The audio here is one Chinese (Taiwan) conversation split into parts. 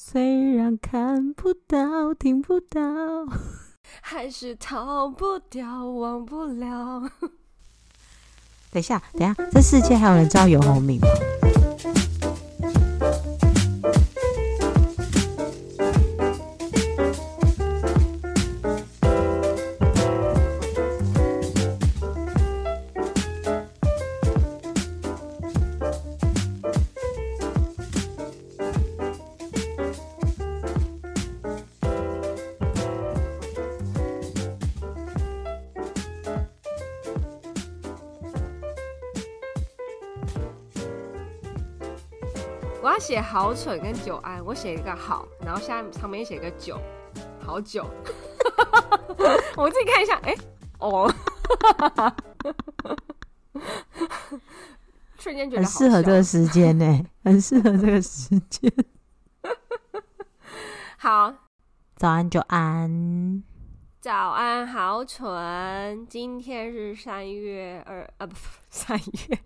雖然看不到、聽不到，還是逃不掉、忘不了。等一下，等一下，這世界還有人知道游鴻明嗎？寫好蠢跟久安，我寫一個好，然後下面上面寫個久，好久， 我自己看一下，哎、欸，哦、oh. 瞬間覺得很適合這個時間呢、欸，很適合這個時間。 好，早安，久安，早安，好蠢，今天是三月二啊，不，三月。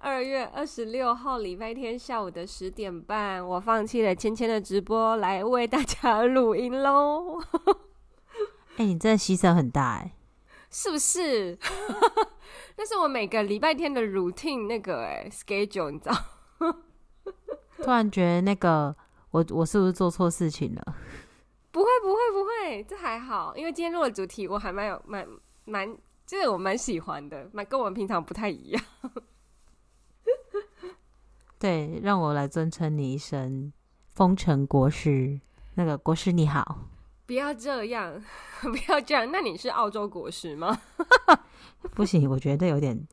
二 月二十六號禮拜天下午的十點半，我放棄了芊芊的直播，來為大家錄音嘍。哎、 欸，你真的犧牲很大哎、欸，是不是？ 那是我每個禮拜天的 routine 那個哎、欸、schedule，你知道？ 突然覺得那個我我是不是做錯事情了？ 不會不會不會，這還好，因為今天錄的主題我還蠻有蠻蠻。蠻蠻這個我蠻喜歡的，蠻跟我們平常不太一樣。 對，讓我來尊稱你一聲“封城國師”。那個國師你好，不要這樣，不要這樣。那你是澳洲國師嗎？ 不行，我覺得有點，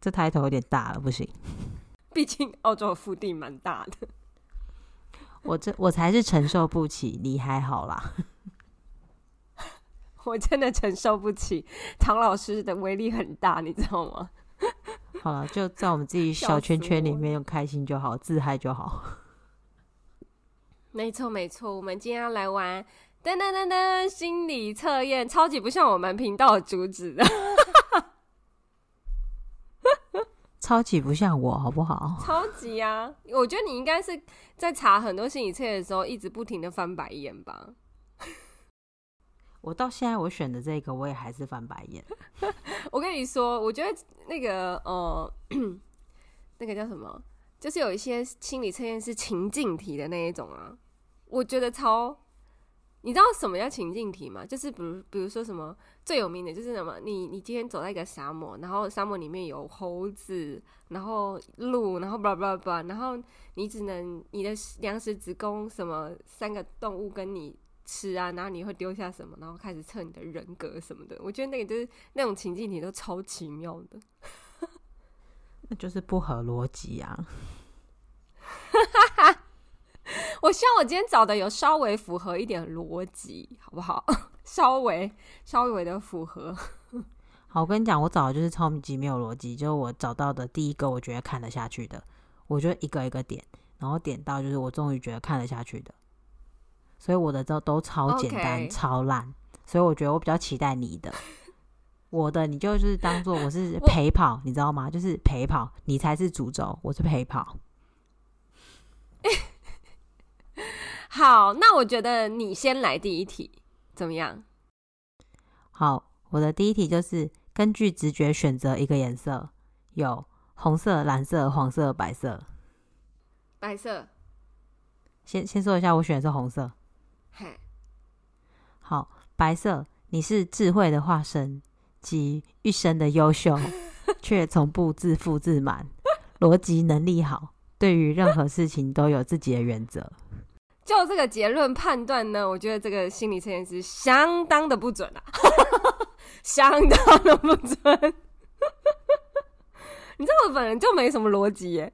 這抬頭有點大了，不行。畢竟澳洲的腹地蠻大的。 我這我才是承受不起，你還好啦。我真的承受不起，唐老師的威力很大，你知道嗎？ 好了，就在我們自己小圈圈裡面，用說開心就好，自嗨就好。沒錯，沒錯，我們今天要來玩噔噔噔噔心理測驗，超級不像我們頻道的主旨的， 超級不像我，好不好？超級啊！我覺得你應該是在查很多心理測驗的時候，一直不停的翻白眼吧。我到現在我選的這個，我也還是翻白眼。 我跟你說，我覺得那個呃， 那個叫什麼，就是有一些心理測驗是情境題的那一種啊。我覺得超，你知道什麼叫情境題嗎？就是比如，比如說什麼最有名的就是什麼，你你今天走在一個沙漠，然後沙漠裡面有猴子，然後鹿，然後吧吧吧，然後你只能你的糧食只供什麼三個動物跟你。吃啊，然後你會丟下什麼？然後開始測你的人格什麼的。我覺得那個就是那種情境，你都超奇妙的。 那就是不合邏輯啊！哈哈哈！我希望我今天找的有稍微符合一點邏輯，好不好？ 稍微稍微的符合。 好，我跟你講，我找的就是超級沒有邏輯。就是我找到的第一個，我覺得看得下去的。我就一個一個點，然後點到就是我終於覺得看得下去的。所以我的都都超簡單 Okay. 超爛，所以我覺得我比較期待你的。 我的你就是當做我是陪跑，我 你知道嗎？就是陪跑，你才是主軸，我是陪跑。 好，那我覺得你先來第一題，怎麼樣？好，我的第一題就是根據直覺選擇一個顏色，有紅色、藍色、黃色、白色。白色。先先說一下，我選的是紅色。嘿好，白色，你是智慧的化身及一生的優秀，卻從 不自負自滿， 邏輯能力好，對於任何事情都有自己的原則。就這個結論判斷呢，我覺得這個心理測驗是相當的不準啊， 相當的不準。 你知道我本人就沒什麼邏輯耶。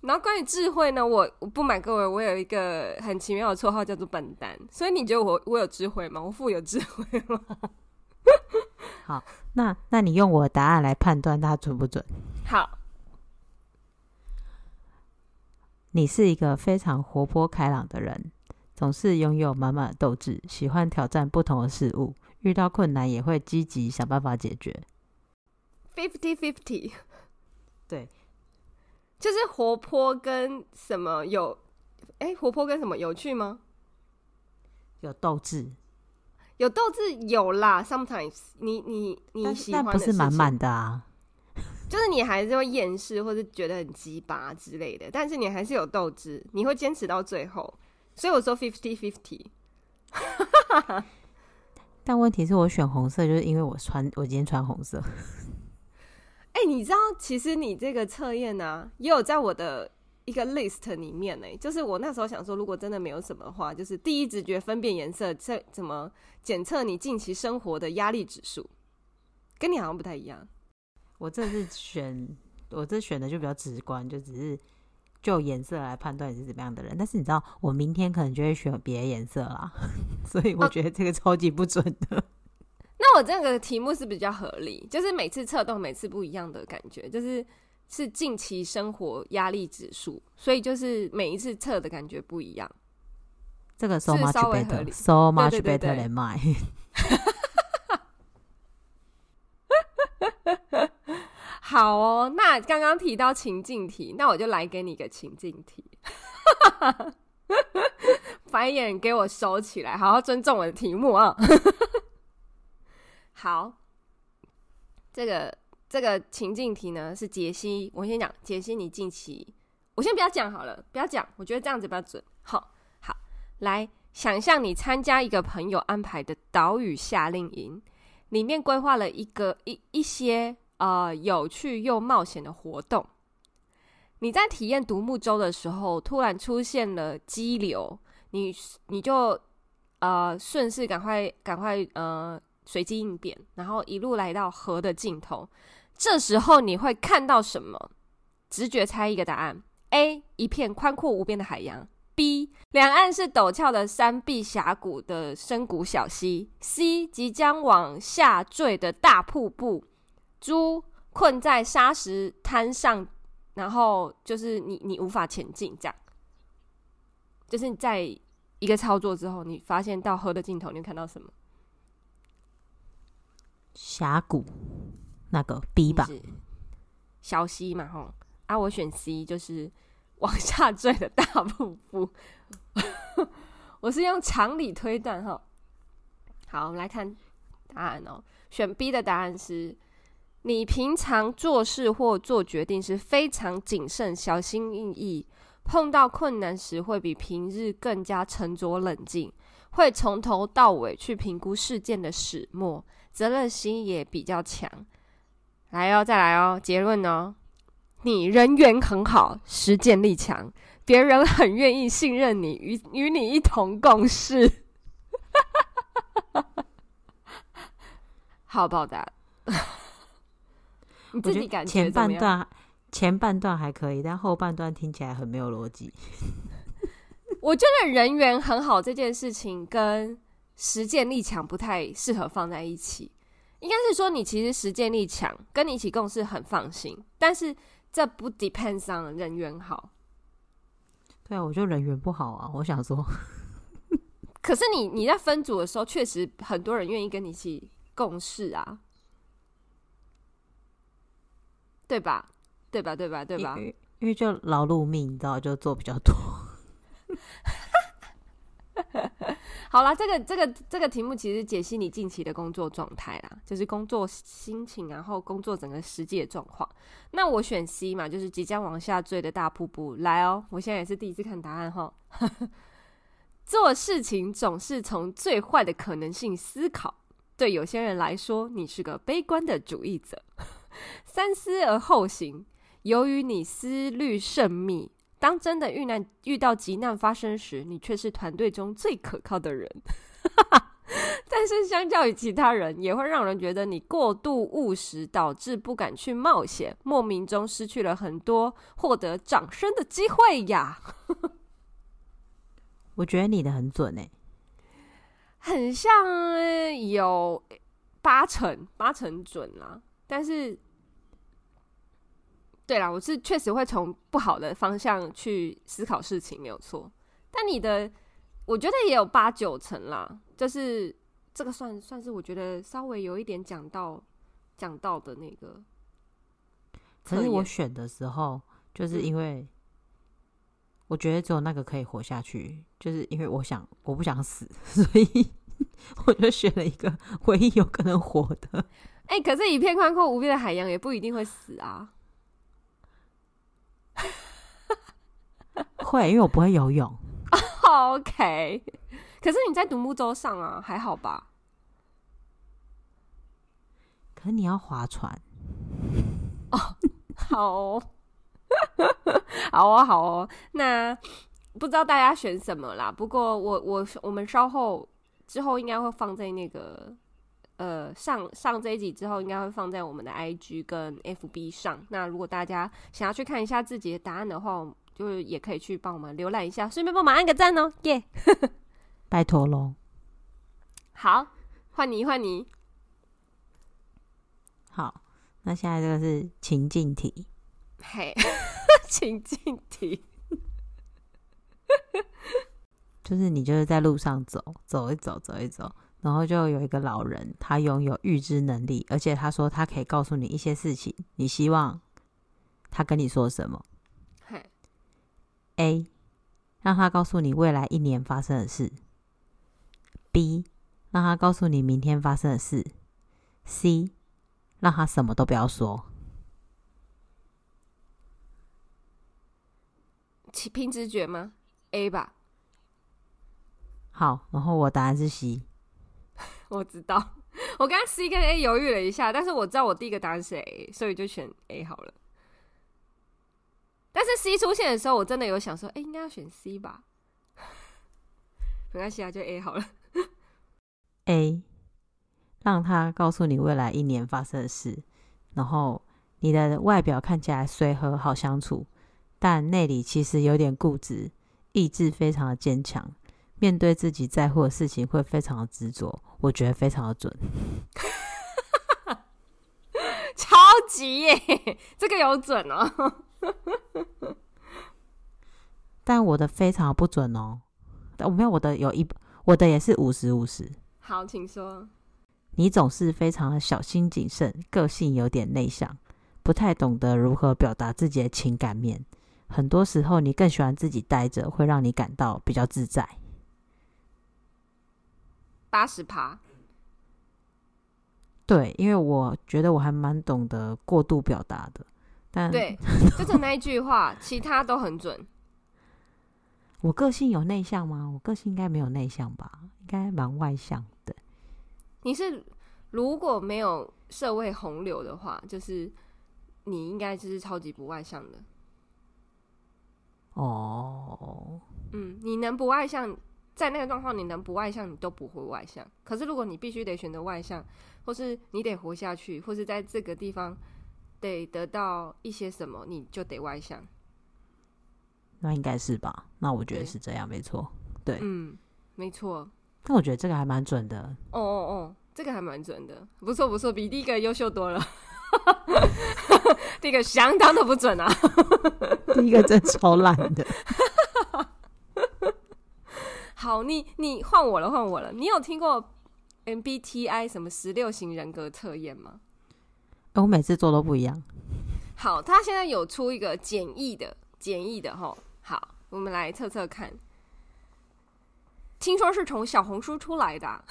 然後關於智慧呢，我我不瞞各位，我有一個很奇妙的綽號叫做笨蛋，所以你覺得我我有智慧嗎？我富有智慧嗎？ 好，那那你用我的答案來判斷他準不準？好，你是一個非常活潑開朗的人，總是擁有滿滿的鬥志，喜歡挑戰不同的事物，遇到困難也會積極想辦法解決。Fifty fifty，對。就是活潑跟什麼有，哎、欸，活潑跟什麼有趣嗎？有鬥志，有鬥志有啦。Sometimes 你你你喜歡，但是不是滿滿的，啊。就是你還是會厭世或者覺得很雞巴之類的，但是你還是有鬥志，你會堅持到最後。所以我說 fifty fifty。 但問題是我選紅色，就是因為我穿我今天穿紅色。欸、你知道，其實你這個測驗呢，也有在我的一個 list 裡面呢、欸。就是我那時候想說，如果真的沒有什麼的話，就是第一直覺分辨顏色測怎麼檢測你近期生活的壓力指數，跟你好像不太一樣。我這是選，我這選的就比較直觀，就只是就顏色來判斷你是怎麼樣的人。但是你知道，我明天可能就會選別的顏色啦， 所以我覺得這個超級不準的。啊我這個題目是比較合理，就是每次測都每次不一樣的感覺，就是是近期生活壓力指數，所以就是每一次測的感覺不一樣。這個、so、much better，是稍微合理，so much better than mine。好哦，那剛剛提到情境題，那我就來給你一個情境題。白 眼給我收起來，好好尊重我的題目啊、哦。 好，這個這個情境題呢，是傑西，我先講。傑西，你近期我先不要講好了，不要講，我覺得這樣子比較準。好，好，來想象你參加一個朋友安排的島嶼夏令營，裡面規劃了一個一一些呃有趣又冒險的活動。你在體驗獨木舟的時候，突然出現了激流，你你就呃順勢趕快趕快呃。隨機應變，然後一路來到河的盡頭，這時候你會看到什麼？直覺猜一個答案：A 一片寬闊無邊的海洋；B 兩岸是陡峭的山壁峽谷的深谷小溪；C 即將往下墜的大瀑布；D 困在沙石灘上，然後就是你你無法前進，這樣，就是在一個操作之後，你發現到河的盡頭，你看到什麼？峽谷，那個 B 吧，小溪嘛吼，吼啊！我選 C，就是往下墜的大瀑布。 我是用常理推斷，吼。好，我們來看答案哦。選 B 的答案是：你平常做事或做決定時非常謹慎、小心翼翼，碰到困難時會比平日更加沉着冷靜，會從頭到尾去評估事件的始末。責任心也比較強，來哦，再來哦，結論哦，你人緣很好，實踐力強，別人很願意信任你，與與你一同共事。 好，好，報答。你自己感覺怎麼樣？我覺得前半段前半段還可以，但後半段聽起來很沒有邏輯。 我覺得人緣很好這件事情跟，實踐力強不太適合放在一起，應該是說你其實實踐力強，跟你一起共事很放心。但是這不 depends on 人緣好。對啊，我就人緣不好啊，我想說。可是你你在分組的時候，確實很多人願意跟你一起共事啊，對吧？對吧？對吧？對吧？因為就勞碌命，你知道，就做比較多。 好啦，這個這個這個題目其實解析你近期的工作狀態啦，就是工作心情，然後工作整個實際的狀況那我選 C 嘛，就是即將往下墜的大瀑布。來哦、喔，我現在也是第一次看答案哈。 做事情總是從最壞的可能性思考，對有些人來說，你是個悲觀的主義者。 三思而後行，由於你思慮甚密。當真的遇難遇到急難發生時，你卻是團隊中最可靠的人。 但是相較於其他人，也會讓人覺得你過度務實，導致不敢去冒險，莫名中失去了很多獲得掌聲的機會呀。 我覺得你的很準誒、欸，很像有八成八成準啦、啊，但是。對啦，我是確實會從不好的方向去思考事情，沒有錯。但你的，我覺得也有八九成啦，就是這個算，算是我覺得稍微有一點講到講到的那個。所以我可是選的時候，就是因為我覺得只有那個可以活下去，嗯、就是因為我想我不想死，所以 我就選了一個唯一有可能活的。哎、欸，可是，一片寬闊無邊的海洋也不一定會死啊。會，因為我不會游泳。Oh, OK，可是你在獨木舟上啊，還好吧？可是你要划船，oh, 好哦，好， 好哦，好哦。那不知道大家選什麼啦？不過我我我們稍後之後應該會放在那個呃上上這一集之後，應該會放在我們的 IG 跟 FB 上。那如果大家想要去看一下自己的答案的話，就是也可以去幫我們瀏覽一下，順便幫我們按個讚哦、喔，耶、yeah！ 拜托嘍。好，換你，你，換你。好，那現在這個是情境題。嘿， 情境題。 就是你就是在路上走，走一走，走一走，然後就有一個老人，他擁有預知能力，而且他說他可以告訴你一些事情。你希望他跟你說什麼？A，讓他告訴你未來一年發生的事。B，讓他告訴你明天發生的事。C，讓他什麼都不要說。憑直覺嗎？A 吧。好，然後我答案是 C。我知道，我剛剛 C 跟 A 猶豫了一下，但是我知道我第一個答案是 A，所以就選 A 好了。但是 C 出現的時候，我真的有想說，哎、欸，應該要選 C 吧？ 沒關係啊，就 A 好了 A，讓他告訴你未來一年發生的事。然後你的外表看起來隨和好相處，但內裡其實有點固執，意志非常的堅強。面對自己在乎的事情會非常的執着。我覺得非常的準。 急耶，這個有準哦， 但我的非常不準哦，但沒有我的有一，我的也是五十五十。好，請說。你總是非常的小心謹慎，個性有點內向，不太懂得如何表達自己的情感面。很多時候，你更喜歡自己待着，會讓你感到比較自在。八十趴。對，因為我覺得我還蠻懂得過度表達的，但對，就是那一句話， 其他都很準。我個性有內向嗎？我個性應該沒有內向吧，應該蠻外向的。你是如果沒有社會洪流的話，就是你應該就是超級不外向的。哦，嗯，你能不外向？在那個狀況，你能不外向，你都不會外向。可是，如果你必須得選擇外向，或是你得活下去，或是在這個地方得得到一些什麼，你就得外向。那應該是吧？那我覺得是這樣，對沒錯。對，嗯，沒錯。但我覺得這個還蠻準的。哦哦哦，這個還蠻準的，不錯不錯，比第一個優秀多了。這 個相當的不準啊， 第一個真超爛的。 好，你你換我了，換我了。你有聽過 MBTI 什麼十六型人格測驗嗎？哎，我每次做都不一樣。好，他現在有出一個簡易的，簡易的吼，好，我們來測測看。聽說是從小紅書出來的啊。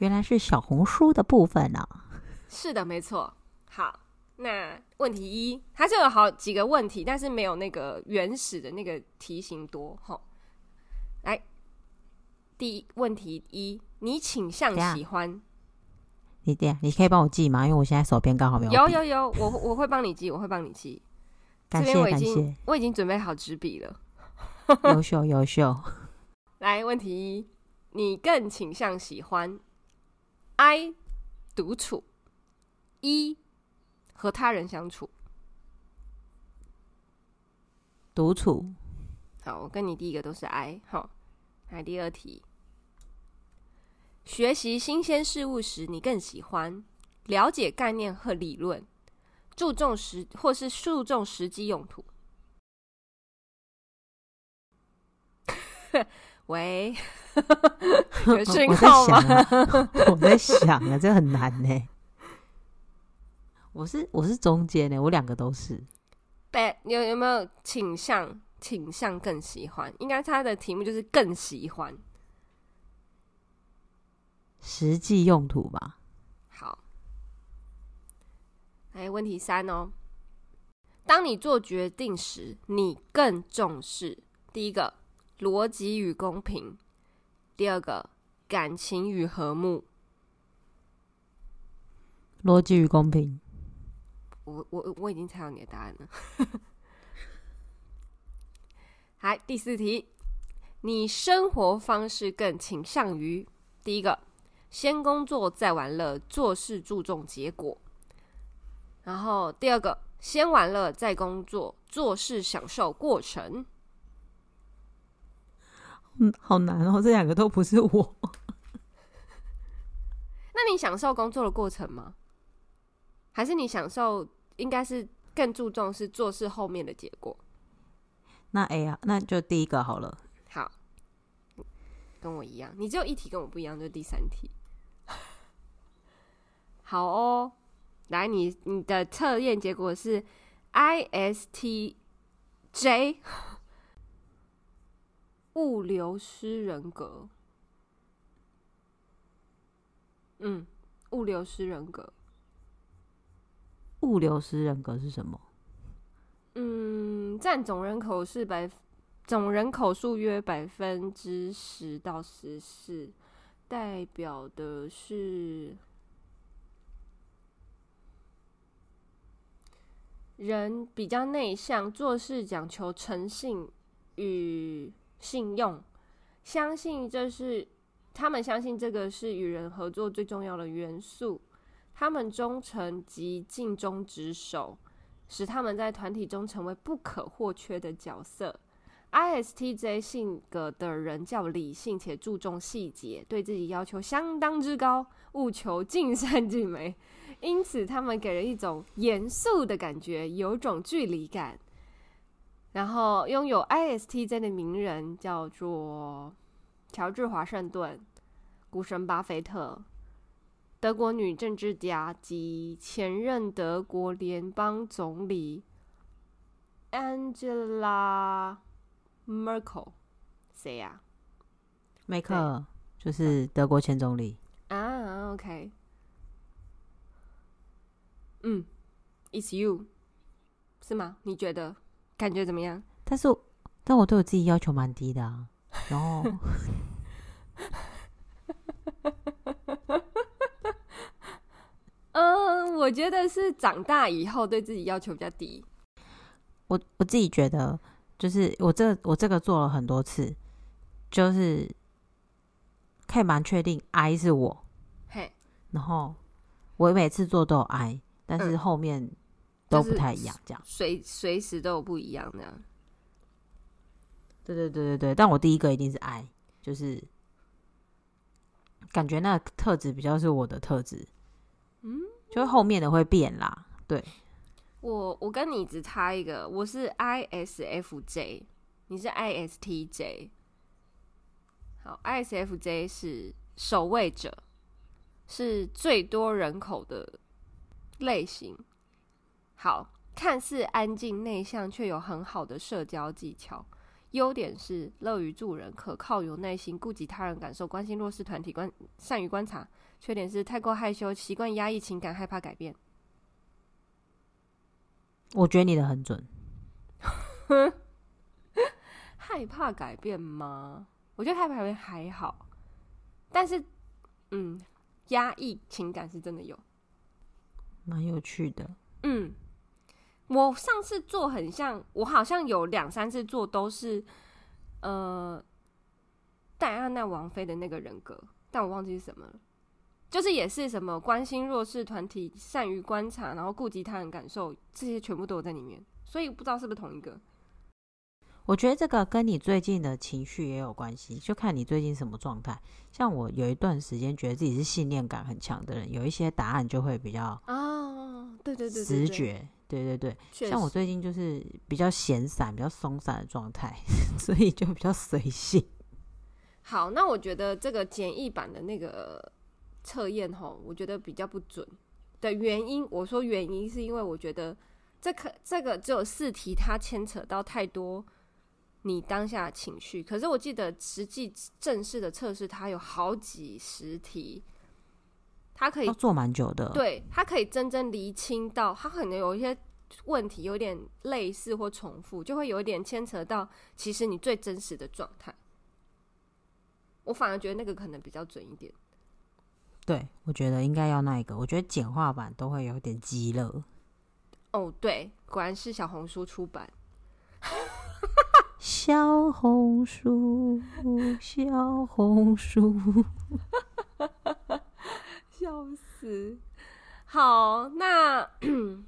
原來是小紅書的部分呢啊。是的，沒錯。好，那問題一，它就有好幾個問題，但是沒有那個原始的那個題型多吼。來，第一問題一，你傾向喜歡，你這樣，你可以幫我記嗎？因為我現在手邊剛好沒有筆。有有有，我我會幫你記，我會幫你記。感謝，我已經感謝，我已經準備好紙筆了。優 秀，優秀。來，問題一，你更傾向喜歡 I 獨處，一和他人相處，獨處。我跟你第一個都是 I 好，來第二題，學習新鮮事物時，你更喜歡了解概念和理論，注重實或是注重實際用途？ 喂， 有信號嗎我、啊？我在想啊，這很難呢、欸。我是我是中間呢、欸，我兩個都是。對，有有沒有傾向？傾向更喜歡，應該他的題目就是更喜歡實際用途吧。好，哎，問題三哦，當你做決定時，你更重視第一個邏輯與公平，第二個感情與和睦。邏輯與公平，我我我已經猜到你的答案了。 好，Hi, 第四題，你生活方式更傾向於第一個，先工作再玩樂，做事注重結果；然後第二個，先玩樂再工作，做事享受過程。嗯，好難哦，這兩個都不是我。 那你享受工作的過程嗎？還是你享受？應該是更注重是做事後面的結果。那哎呀，那就第一個好了。好，跟我一樣，你只有一題跟我不一樣，就第三題。 好哦，來，你你的測驗結果是 ISTJ， 物流師人格。嗯，物流師人格，物流師人格是什麼？嗯，占總人口是百，總人口數約百分之十到十四，代表的是人比較內向，做事講求誠信與信用，相信這是，他們相信這個是與人合作最重要的元素，他們忠誠及盡忠職守，使他們在團體中成為不可或缺的角色。ISTJ 性格的人較理性且注重細節，對自己要求相當之高，務求盡善盡美，因此他們給人一種嚴肅的感覺，有種距離感。然後，擁有 ISTJ 的名人叫做喬治華盛頓、股神巴菲特。德國女政治家、及前任德國聯邦總理 Angela Merkel 誰呀？Merkel 就是德國前總理啊。Oh. Ah, OK，嗯、mm.，It's you，是嗎？你覺得感覺怎麼樣？但是，但我對我自己要求蠻低的，啊， 然後。 我覺得是長大以後對自己要求比較低。我我自己覺得，就是我這我這個做了很多次，就是可以蠻確定，I 是我。嘿。Hey, 然後我每次做都有 I，但是後面、嗯、都不太一樣，這樣隨隨時都有不一樣的、啊。對對對對對，但我第一個一定是 I，就是感覺那個特質比較是我的特質。嗯。就是後面的會變啦，對，我我跟你只差一個，我是 ISFJ，你是 ISTJ。好，ISFJ 是守衛者，是最多人口的類型。好，看似安靜內向，卻有很好的社交技巧。優點是樂於助人、可靠、有耐心、顧及他人感受、關心弱勢團體、關善於觀察。缺點是太過害羞，習慣壓抑情感，害怕改變。我覺得你的很準。 害怕改變嗎？我覺得害怕改變還好，但是，嗯，壓抑情感是真的有，蠻有趣的。嗯，我上次做很像，我好像有兩三次做都是，呃，戴安娜王妃的那個人格，但我忘記是什麼了。就是也是什麼關心弱勢團體、善於觀察，然後顧及他人感受，這些全部都有在裡面。所以不知道是不是同一個。我覺得這個跟你最近的情緒也有關係，就看你最近什麼狀態。像我有一段時間覺得自己是信念感很強的人，有一些答案就會比較直覺……哦，對對對，對，直覺，對對對。實像我最近就是比較閒散、比較鬆散的狀態， 所以就比較隨性。好，那我覺得這個簡易版的那個。測驗齁，我覺得比較不準的原因，我說原因是因為我覺得這可、個、這個只有四題，它牽扯到太多你當下情緒。可是我記得實際正式的測試，它有好幾十題，它可以做蠻久的，對，它可以真正釐清到，它可能有一些問題有點類似或重複，就會有一點牽扯到其實你最真實的狀態。我反而覺得那個可能比較準一點。對，我覺得應該要那一個。我覺得簡化版都會有點雞肋。哦，oh, 對，果然是小紅書出版。 小紅書，小紅書，笑， 笑死！好，那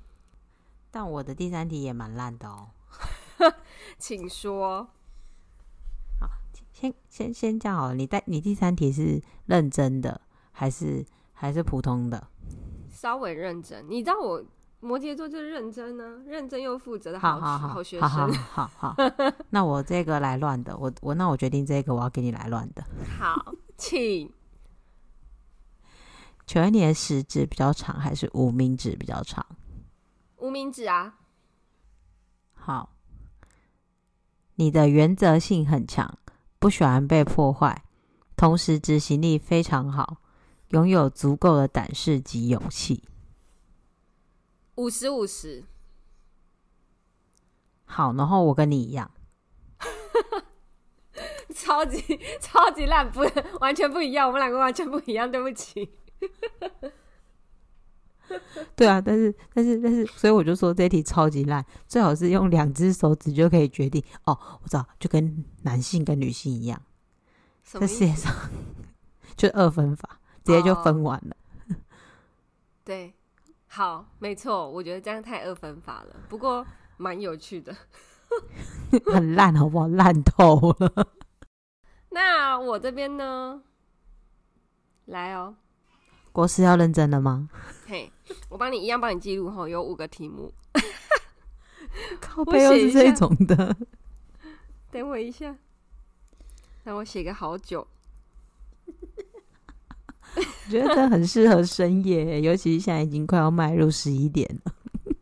但我的第三題也蠻爛的哦， 請說。好，先先先這樣哦。你帶你第三題是認真的？還是還是普通的，稍微認真。你知道我摩羯座就是認真呢、啊，認真又負責的好好學生，好好，好，那我這個來亂的，我我那我決定這個我要給你來亂的。好，請。請問你的食指比較長還是無名指比較長？無名指啊。好，你的原則性很強，不喜歡被破壞，同時執行力非常好。擁有足夠的膽識及勇氣，五十五十，好，然後我跟你一樣， 超級超級爛，不，完全不一樣，我們兩個完全不一樣，對不起， 對啊，但是但是但是，所以我就說這題超級爛，最好是用兩只手指就可以決定。哦，我知道，就跟男性跟女性一樣，在世界上 就二分法。直接就分完了，oh. 對，好，沒錯，我覺得這樣太二分法了，不過蠻有趣的， 很爛好不好？爛透了。 那我這邊呢？來哦，國師要認真了嗎？嘿，okay, 我幫你一樣幫你記錄吼，有五個題目。靠背又是這種的，我 等我一下，讓我寫個好久。 我 覺得這很適合深夜，尤其是現在已經快要邁入十一點了。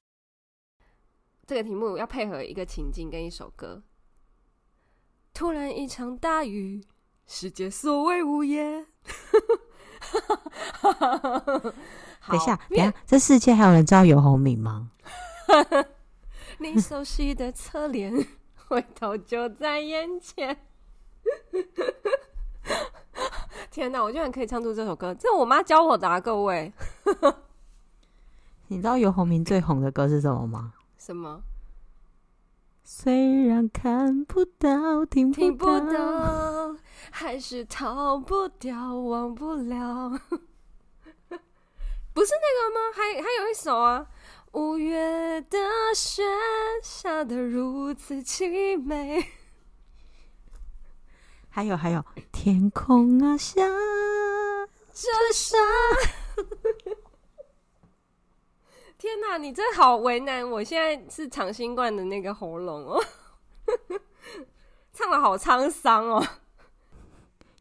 這個題目要配合一個情境跟一首歌。突然一場大雨，世界所謂無言。 好面等一下，等一下， 這世界還有人知道有紅米嗎？ 你熟悉的側臉， 回頭就在眼前。 天哪，我居然可以唱出這首歌，這是我媽教我的，啊，各位。 你知道游鴻明最紅的歌是什麼嗎？什麼？雖然看不到，聽不到，聽不到，還是逃不掉，忘不了。 不是那個嗎？還還有一首啊，《五月的雪》下得如此悽美。還有還有，天空下這 天啊下着沙。天哪，你真好為難！我現在是長新冠的那個喉嚨哦、喔， 唱的好滄桑哦、喔。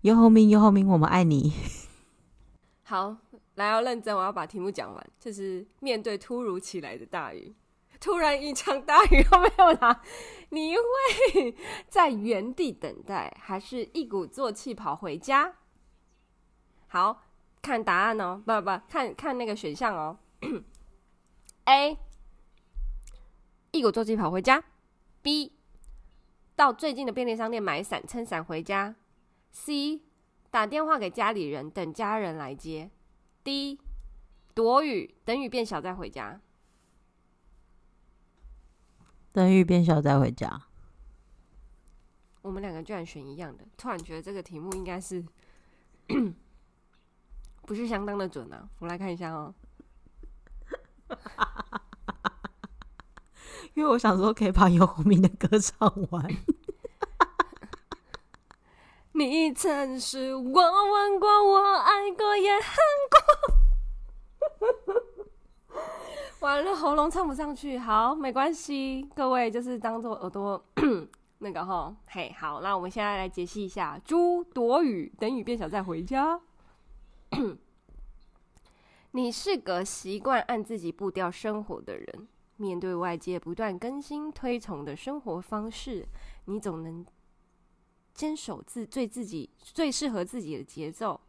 游鴻明，游鴻明我們愛你。 好，來要、哦、認真，我要把題目講完，就是面對突如其來的大雨。突然一場大雨都沒有打，你會在原地等待，還是一鼓作氣跑回家？好，看答案哦，不不，不，看看那個選項哦。 A，一鼓作氣跑回家；B，到最近的便利商店買傘，撐傘回家；C，打電話給家裡人，等家人來接；D，躲雨，等雨變小再回家。等雨變小再回家。我們兩個居然選一樣的，突然覺得這個題目應該是 不是相當的準啊？我們來看一下哦、喔。 因為我想說可以把游鴻明的歌唱完 。你曾是我吻過，我愛過，也恨過。 完了，喉嚨唱不上去，好，沒關係。各位就是當做耳朵 那個吼，嘿，好，那我們現在來解析一下：豬躲雨，等雨變小再回家。 你是個習慣按自己步調生活的人，面對外界不斷更新推崇的生活方式，你總能堅守自最自己最適合自己的節奏，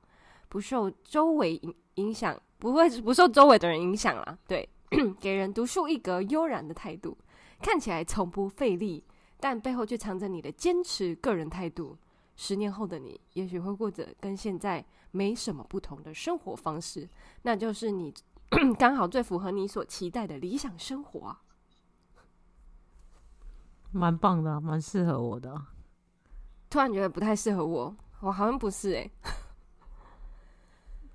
不受周圍影影響，不會不受周圍的人影響啊，對。 給人獨樹一格，悠然的態度，看起來從不費力，但背後卻藏着你的堅持。個人態度，十年後的你也許會過着跟現在沒什麼不同的生活方式，那就是你剛 好最符合你所期待的理想生活啊。蠻棒的，蠻適合我的。突然覺得不太適合我，我好像不是欸。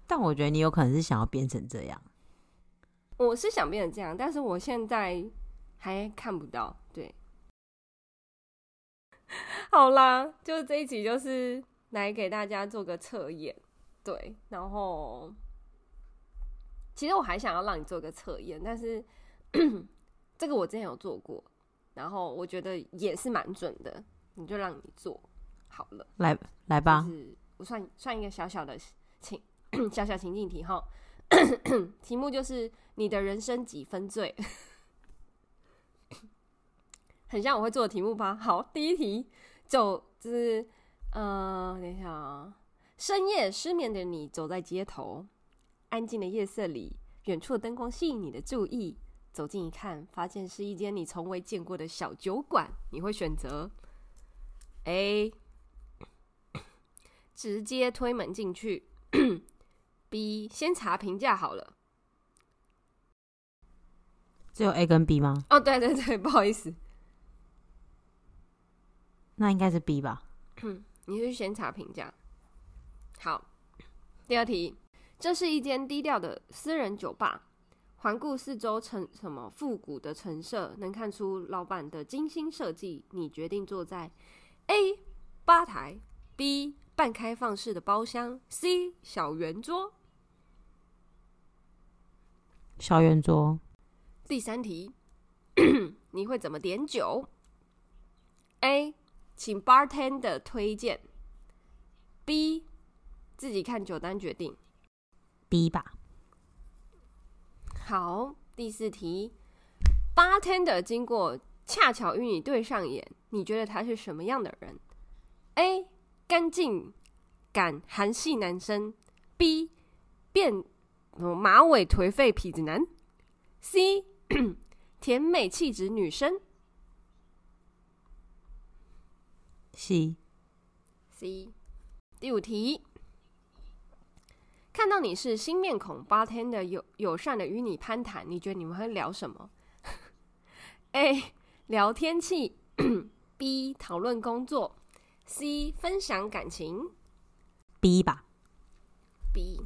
但我覺得你有可能是想要變成這樣。我是想變成這樣，但是我現在還看不到。對， 好啦，就是這一集就是來給大家做個測驗，對。然後，其實我還想要讓你做個測驗，但是 這個我之前有做過，然後我覺得也是蠻準的，你就讓你做好了。來來吧，我算算一個小小的情小小情境題哈。 題目就是你的人生幾分醉， 很像我會做的題目吧？好，第一題，走，就是，呃，等一下啊喔，深夜失眠的你走在街頭，安靜的夜色裡，遠處的燈光吸引你的注意，走近一看，發現是一間你從未見過的小酒館，你會選擇 A，欸，直接推門進去。 B 先查評價好了，只有 A 跟 B 嗎？哦，對對對，不好意思，那應該是 B 吧？嗯，你是先查評價。好，第二題，這是一間低調的私人酒吧，環顧四周成什麼複古的陳設，能看出老板的精心設計。你決定坐在 A 吧台、B 半開放式的包廂、C 小圓桌。小圓桌。第三題， 你會怎麼點酒？A，請 bartender 推薦。B，自己看酒單決定。B 吧。好，第四題 ，bartender 經過恰巧與你對上眼，你覺得他是什麼樣的人？A，乾淨感，韓系男生。B，變。哦、馬尾頹廢痞子男，C， 甜美氣質女生，C，C，第五題，看到你是新面孔，八天的友友善的與你攀談，你覺得你們會聊什麼 ？A，聊天氣 ，B，討論工作，C，分享感情，B 吧，B。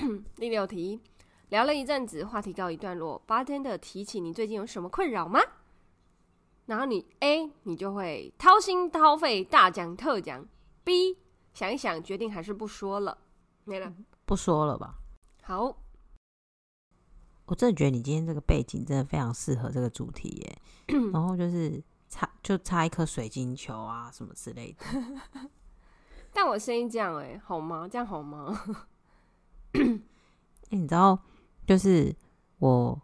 第六題，聊了一陣子，話題告一段落。巴天的提起，你最近有什麼困擾嗎？然後你 A，你就會掏心掏肺大講特講；B，想一想，決定還是不說了，沒了，不說了吧。好，我真的覺得你今天這個背景真的非常適合這個主題耶。 然後就是差，就差一顆水晶球啊，什麼之類的。 但我聲音這樣，哎，好嗎？這樣好嗎？嗯， 你知道，就是我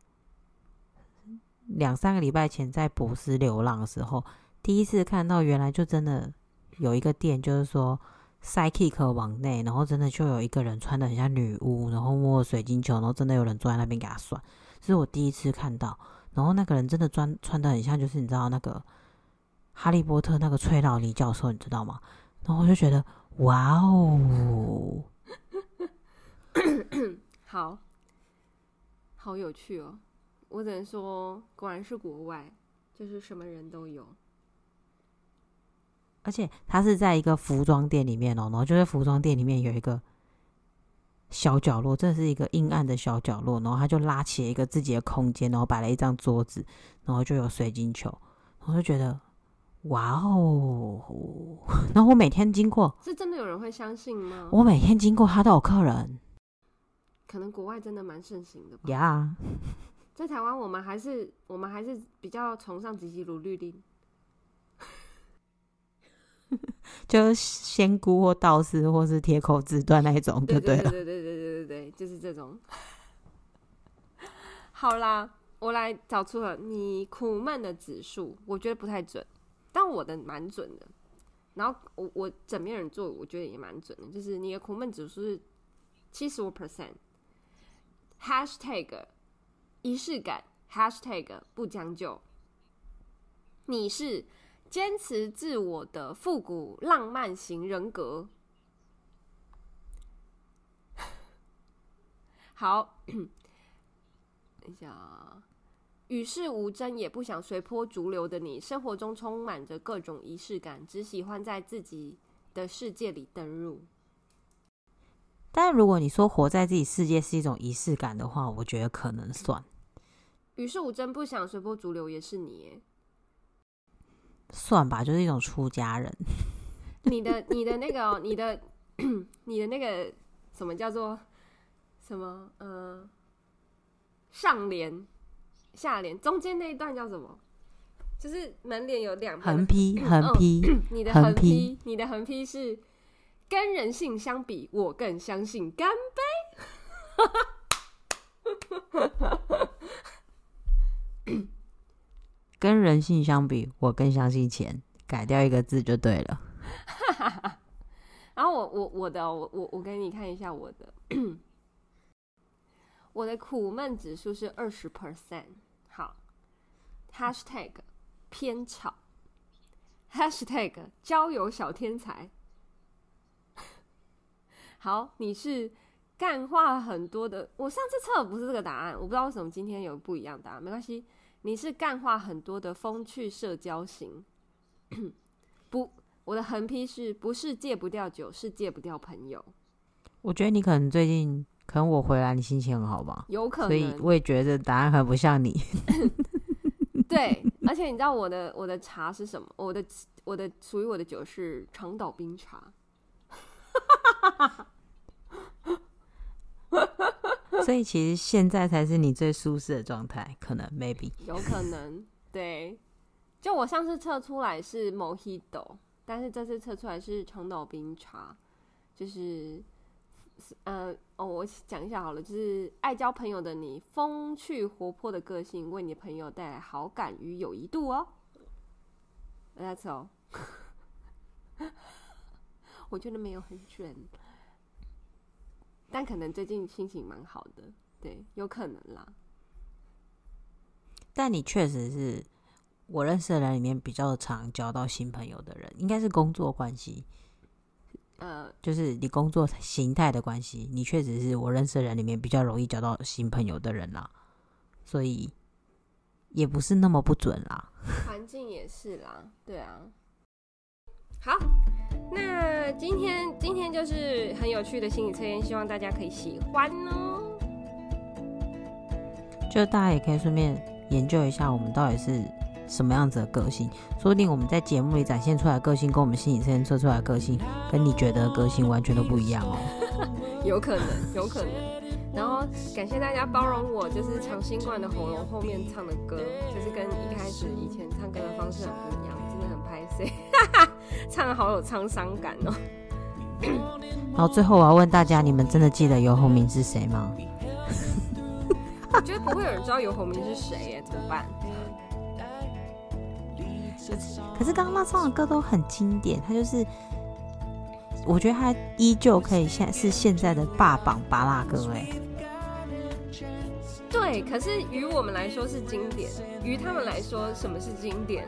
兩三個禮拜前在《博斯流浪》的時候，第一次看到原來就真的有一個店，就是說 Psychic 網內，然後真的就有一個人穿得很像女巫，然後摸水晶球，然後真的有人坐在那邊給他算，這是我第一次看到。然後那個人真的穿穿得很像，就是你知道那個哈利波特那個崔老妮教授，你知道嗎？然後我就覺得，哇哦！ 好，好有趣哦！我只能說，果然是國外，就是什麼人都有。而且他是在一個服裝店裡面哦、喔，然後就在服裝店裡面有一個小角落，這是一個陰暗的小角落，然後他就拉起了一個自己的空間，然後擺了一張桌子，然後就有水晶球，我就覺得哇哦！ 然後我每天經過，是 真的有人會相信嗎？我每天經過他都有客人。可能國外真的蠻盛行的吧，Yeah. 在台灣我們還是我們還是比較崇尚急急如律令，就是仙姑或道士或是鐵口直斷那一種，就對了，對對，對對對對對對對，就是這種。好啦，我來找出了你苦悶的指數，我覺得不太準，但我的蠻準的。然後我我枕邊人做，我覺得也蠻準的，就是你的苦悶指數是七十五 percent。#hashtag 儀式感 #hashtag 不將就，你是堅持自我的復古浪漫型人格。 好， 等一下、哦，與世無爭也不想隨波逐流的你，生活中充滿着各種儀式感，只喜歡在自己的世界裡登入。但如果你說活在自己世界是一種儀式感的話，我覺得可能算。於是，我真不想隨波逐流，也是你耶，算吧，就是一種出家人。你的、你的那個、哦、你的、 你的那個，什麼叫做什麼？嗯、呃，上聯、下聯，中間那一段叫什麼？就是門聯有兩橫批，橫批，你的橫批 P，你的橫批是。跟人性相比，我更相信乾杯。哈哈哈哈哈哈！跟人性相比，我更相信錢，改掉一個字就對了。哈哈哈！然後我我我的我我我給你看一下我的， 我的苦悶指數是二十 percent。好，#hashtag 偏巧 #hashtag 交友小天才。好，你是幹話很多的。我上次測不是這個答案，我不知道為什麼今天有不一樣的答案。沒關係，你是幹話很多的風趣社交型。 不，我的橫批是：不是戒不掉酒，是戒不掉朋友。我覺得你可能最近，可能我回來你心情很好吧，有可能。所以我也覺得答案很不像你。 對，而且你知道我的我的茶是什麼？我的我的屬於我的酒是長島冰茶。 所以其實現在才是你最舒適的狀態，可能 maybe 有可能，對。就我上次測出來是 Mojito，但是這次測出來是長島冰茶，就是呃、啊，哦，我講一下好了，就是愛交朋友的你，風趣活潑的個性，為你的朋友帶來好感與友誼度哦。That's all，哦。 我覺得沒有很準。但可能最近心情蠻好的，對，有可能啦。但你確實是我認識的人裡面比較常交到新朋友的人，應該是工作關係。呃，就是你工作形態的關係，你確實是我認識的人裡面比較容易交到新朋友的人啦，所以也不是那麼不準啦。環境也是啦，對啊。好，那今天今天就是很有趣的心理測驗，希望大家可以喜歡哦。就大家也可以順便研究一下我們到底是什麼樣子的個性，說不定我們在節目裡展現出來的個性，跟我們心理測驗測出來的個性，跟你覺得的個性完全都不一樣哦。 有可能，有可能。然後感謝大家包容我，就是長新冠的喉嚨後面唱的歌，就是跟一開始以前唱歌的方式很不一樣，真的很拍謝。 唱得好有滄桑感哦、喔。然後最後我要問大家，你們真的記得游鴻明是誰嗎？ 我覺得不會有人知道游鴻明是誰耶，怎麼辦？可是剛剛他唱的歌都很經典，他就是，我覺得他依舊可以現是現在的霸榜巴拉歌誒，對，可是於我們來說是經典，於他們來說什麼是經典？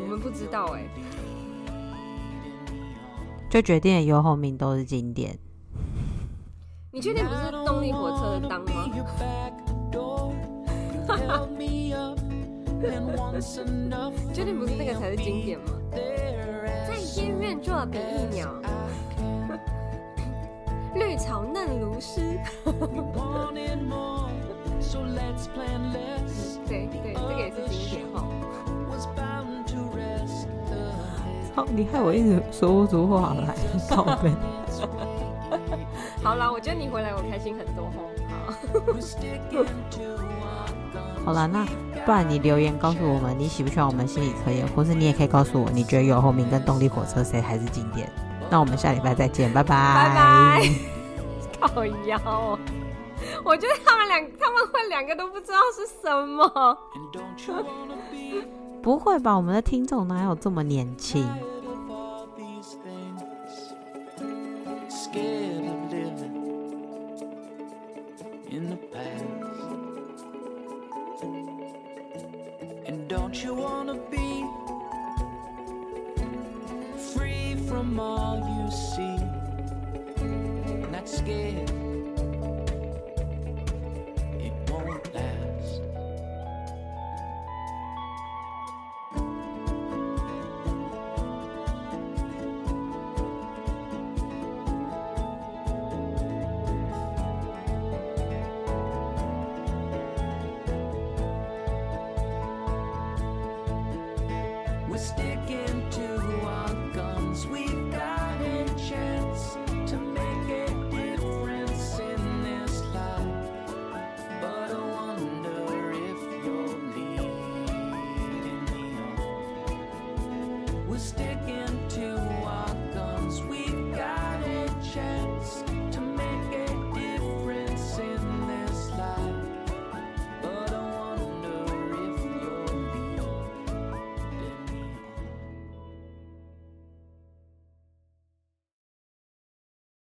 我們不知道哎、欸，就決定游鴻明都是經典，你確定不是動力火車的當嗎？你哈，確定不是那個才是經典嗎？在天願作比翼鳥，綠草嫩如絲。 對對，這個也是經典哈。 好、哦、你害，我一直說不出話來，告 好笨。好了，我覺得你回來我開心很多，哦、 好。啦，了，那不然你留言告訴我們你喜不喜歡我們心理測驗，或是你也可以告訴我你覺得游鴻明跟動力火車誰還是經典。那我們下禮拜再見，拜拜。拜拜。靠腰，我覺得他們兩他們會兩個都不知道是什麼。 不會吧！我們的聽眾哪有這麼年輕？